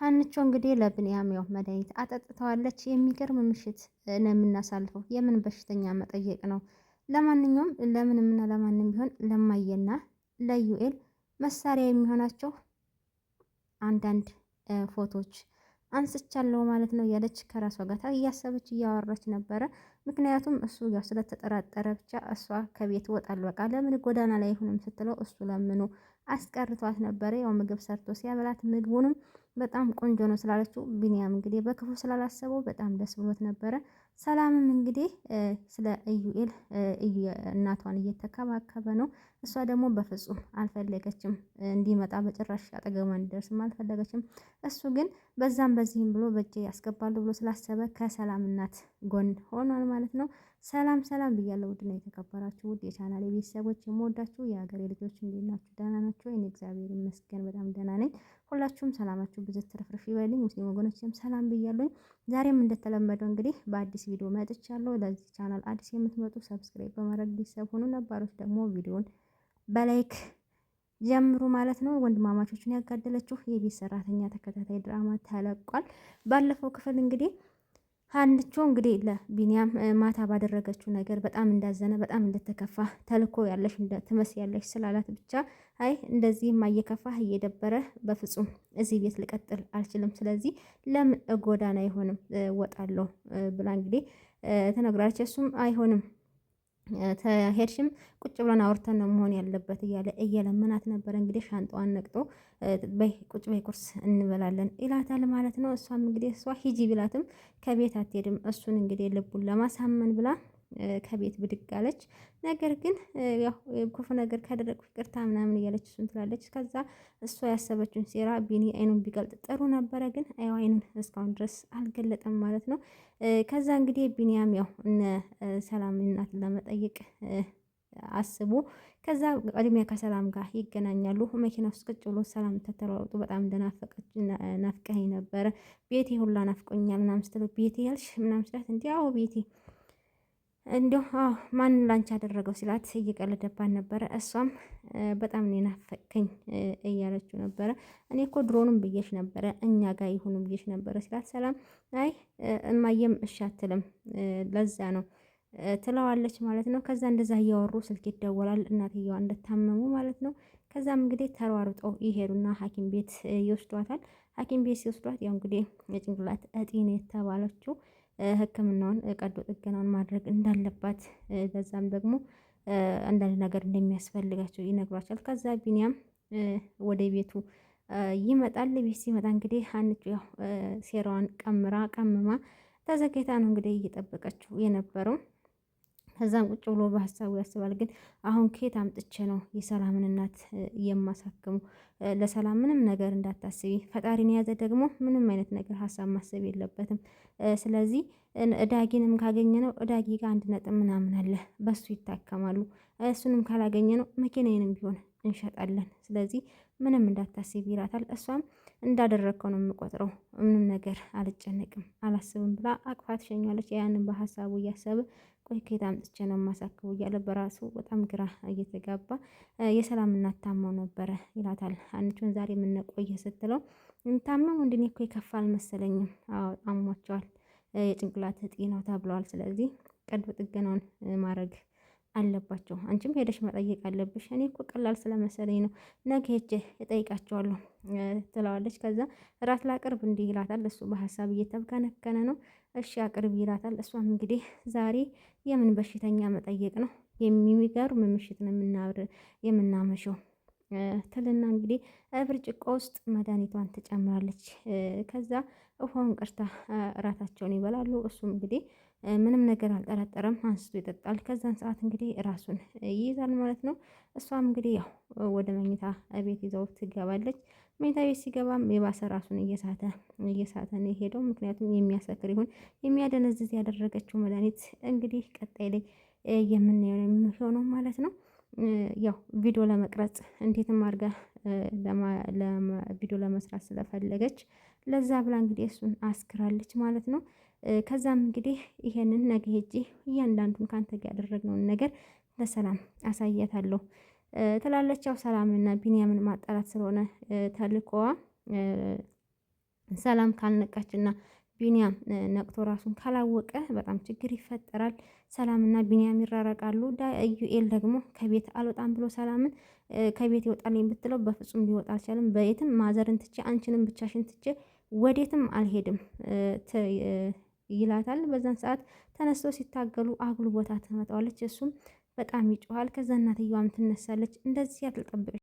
ሀንቾ እንግዲህ ለብንያም ያው መድኃኒት አጠጥተዋለች። የሚገርም ምሽት ነው የምናሳልፈው። የምን በሽተኛ መጠየቅ ነው። ለማንኛውም ለምንምና ለማንም ቢሆን ለማየና ለዩኤል መሳሪያ የሚሆናቸው አንዳንድ ፎቶዎች አንስቻለሁ ማለት ነው ያለች ከራሷ ጋታ እያሰበች እያወራች ነበረ። ምክንያቱም እሱ ያው ስለተጠራጠረ ብቻ እሷ ከቤት ወጣል በቃ ለምን ጎዳና ላይ አይሆንም ስትለው እሱ ለምኑ አስቀርቷት ነበረ። ያው ምግብ ሰርቶ ሲያበላት ምግቡንም በጣም ቆንጆ ነው ስላለችው ቢኒያም እንግዲህ በክፉ ስላላሰበው በጣም ደስ ብሎት ነበረ። ሰላምም እንግዲህ ስለ ኢዩኤል እናቷን እየተከባከበ ነው። እሷ ደግሞ በፍጹም አልፈለገችም እንዲመጣ በጭራሽ አጠገቧ እንዲደርስም አልፈለገችም። እሱ ግን በዛም በዚህም ብሎ በእጄ ያስገባሉ ብሎ ስላሰበ ከሰላም እናት ጎን ሆኗል ማለት ነው። ሰላም ሰላም ብያለሁ ነው የተከበራችሁ ውድ የቻናል የቤተሰቦች የምወዳችሁ የሀገሬ ልጆች እንዴት ናችሁ? ደህና ናችሁ ወይ? እግዚአብሔር ይመስገን በጣም ደህና ነኝ። ሁላችሁም ሰላማችሁ ብዙ ትርፍርፍ ይበልኝ። ሙስሊም ወገኖችም ሰላም ብያለሁኝ። ዛሬም እንደተለመደው እንግዲህ በአዲስ በአዲስ ቪዲዮ መጥቻለሁ። ለዚህ ቻናል አዲስ የምትመጡ ሰብስክራይብ በማድረግ ቤተሰብ ሆኑ። ነባሮች ደግሞ ቪዲዮን በላይክ ጀምሩ ማለት ነው። ወንድማማቾችን ያጋደለችው የቤት ሰራተኛ ተከታታይ ድራማ ተለቋል። ባለፈው ክፍል እንግዲህ ሀንቾ እንግዲህ ለቢኒያም ማታ ባደረገችው ነገር በጣም እንዳዘነ በጣም እንደተከፋ ተልኮ ያለሽ ትመስ ያለሽ ስላላት ብቻ አይ እንደዚህ ማየከፋ እየደበረ በፍጹም እዚህ ቤት ልቀጥል አልችልም፣ ስለዚህ ለምን ጎዳና አይሆንም ወጣለሁ ብላ እንግዲህ ተነግራለች። እሱም አይሆንም ተሄድሽም ቁጭ ብለን አውርተን ነው መሆን ያለበት እያለ እየለመናት ነበረ። እንግዲህ ሻንጣዋን ነቅጦ ቁጭ በይ ቁርስ እንበላለን ይላታል ማለት ነው። እሷም እንግዲህ እሷ ሂጂ ቢላትም ከቤት አትሄድም። እሱን እንግዲህ ልቡን ለማሳመን ብላ ከቤት ብድግ አለች። ነገር ግን ያው ክፉ ነገር ካደረግኩ ይቅርታ ምናምን እያለች እሱን ትላለች። ከዛ እሷ ያሰበችውን ሴራ ቢኒ አይኑን ቢገልጥ ጥሩ ነበረ፣ ግን ያው አይኑን እስካሁን ድረስ አልገለጠም ማለት ነው። ከዛ እንግዲህ ቢኒያም ያው እነ ሰላም እናትን ለመጠየቅ አስቡ ከዛ ቀድሚያ ከሰላም ጋር ይገናኛሉ። መኪና ውስጥ ቅጭ ብሎ ሰላም ተተለዋውጡ በጣም እንደናፈቀች ናፍቀኝ ነበረ ቤቴ ሁላ ናፍቆኛል ምናምን ስትለው ቤቴ ያልሽ ምናምን ስላት እንዲ አዎ ቤቴ እንዲሁ አዎ ማን ላንቺ አደረገው ሲላት እየቀለደባን ነበረ። እሷም በጣም ነው ናፈቅከኝ እያለችው ነበረ። እኔ እኮ ድሮንም ብዬሽ ነበረ እኛ ጋር ይሁኑ ብዬሽ ነበረ ሲላት፣ ሰላም አይ እማየም እሺ አትልም ለዛ ነው ትለዋለች ማለት ነው። ከዛ እንደዛ እያወሩ ስልክ ይደወላል፣ እናትየዋ እንደታመሙ ማለት ነው። ከዛም እንግዲህ ተሯሩጠው ይሄዱና ሐኪም ቤት ይወስዷታል። ሐኪም ቤት ሲወስዷት ያው እንግዲህ የጭንቅላት እጢ ነው የተባለችው ህክምናውን ቀዶ ጥገናውን ማድረግ እንዳለባት በዛም ደግሞ አንዳንድ ነገር እንደሚያስፈልጋቸው ይነግሯቸዋል። ከዛ ቢኒያም ወደ ቤቱ ይመጣል። ቤት ሲመጣ እንግዲህ ሀኒቾ ያው ሴራዋን ቀምራ ቀምማ ተዘጋጅታ ነው እንግዲህ እየጠበቀችው የነበረው። ከዛም ቁጭ ብሎ በሀሳቡ ያስባል። ግን አሁን ከየት አምጥቼ ነው የሰላምን እናት የማሳክሙ? ለሰላም ምንም ነገር እንዳታስቢ፣ ፈጣሪን የያዘ ደግሞ ምንም አይነት ነገር ሀሳብ ማሰብ የለበትም። ስለዚህ እዳጊንም ካገኘ ነው እዳጊ ጋር አንድ ነጥብ ምናምን አለ፣ በሱ ይታከማሉ። እሱንም ካላገኘ ነው መኪናዬንም ቢሆን እንሸጣለን። ስለዚህ ምንም እንዳታስቢ ይላታል እሷም እንዳደረግከው ነው የምቆጥረው፣ ምንም ነገር አልጨነቅም፣ አላስብም ብላ አቅፋ ትሸኛለች። ያንን በሀሳቡ እያሰበ ቆይ ከየት አምጥቼ ነው የማሳክቡ እያለ በራሱ በጣም ግራ እየተጋባ የሰላም እናታመው ነበረ ይላታል። አንቺን ዛሬ የምንቆየ ስትለው ታመሙ እንድኔ እኮ የከፋ አልመሰለኝም፣ አሟቸዋል፣ የጭንቅላት እጢ ነው ተብለዋል። ስለዚህ ቀዶ ጥገናውን ማድረግ አለባቸው። አንቺም ሄደሽ መጠየቅ አለብሽ። እኔ እኮ ቀላል ስለመሰለኝ ነው ነገ ሄጄ እጠይቃቸዋለሁ ትለዋለች። ከዛ እራት ላቅርብ እንዲህ ይላታል። እሱ በሀሳብ እየተብከነከነ ነው። እሺ አቅርብ ይላታል። እሷም እንግዲህ ዛሬ የምን በሽተኛ መጠየቅ ነው የሚገርም ምሽት ነው የምናምሸው። ትልና እንግዲህ ብርጭቆ ውስጥ መድኃኒቷን ትጨምራለች። ከዛ ውሃውን ቀርታ እራታቸውን ይበላሉ። እሱም እንግዲህ ምንም ነገር አልጠረጠረም፣ አንስቶ ይጠጣል። ከዛን ሰዓት እንግዲህ ራሱን ይይዛል ማለት ነው። እሷም እንግዲህ ያው ወደ መኝታ ቤት ይዘው ትገባለች። መኝታ ቤት ሲገባም የባሰ ራሱን እየሳተ እየሳተ ነው የሄደው። ምክንያቱም የሚያሰክር ይሁን የሚያደነዝዝ ያደረገችው መድኃኒት እንግዲህ ቀጣይ ላይ የምናየው ነው የሚሆነው ማለት ነው። ያው ቪዲዮ ለመቅረጽ እንዴትም አድርጋ ቪዲዮ ለመስራት ስለፈለገች ለዛ ብላ እንግዲህ እሱን አስክራለች ማለት ነው። ከዛም እንግዲህ ይሄንን ነገ ሄጂ እያንዳንዱን ከአንተ ጋር ያደረግነውን ነገር ለሰላም አሳያታለሁ ትላለች። ያው ሰላምና ቢንያምን ማጣራት ስለሆነ ተልእኮዋ ሰላም ካልነቃችና ቢንያም ነቅቶ ራሱን ካላወቀ በጣም ችግር ይፈጠራል። ሰላምና ቢንያም ይራረቃሉ። ዩኤል ደግሞ ከቤት አልወጣም ብሎ ሰላምን ከቤት ይወጣልኝ ብትለው በፍጹም ሊወጣ አልቻለም። በየትም ማዘርን ትቼ አንቺንም ብቻሽን ትቼ ወዴትም አልሄድም ይላታል። በዛን ሰዓት ተነስቶ ሲታገሉ አጉል ቦታ ትመጣዋለች። እሱም በጣም ይጮኋል። ከዛ እናትየዋም ትነሳለች። እንደዚህ አትጠብቅሽ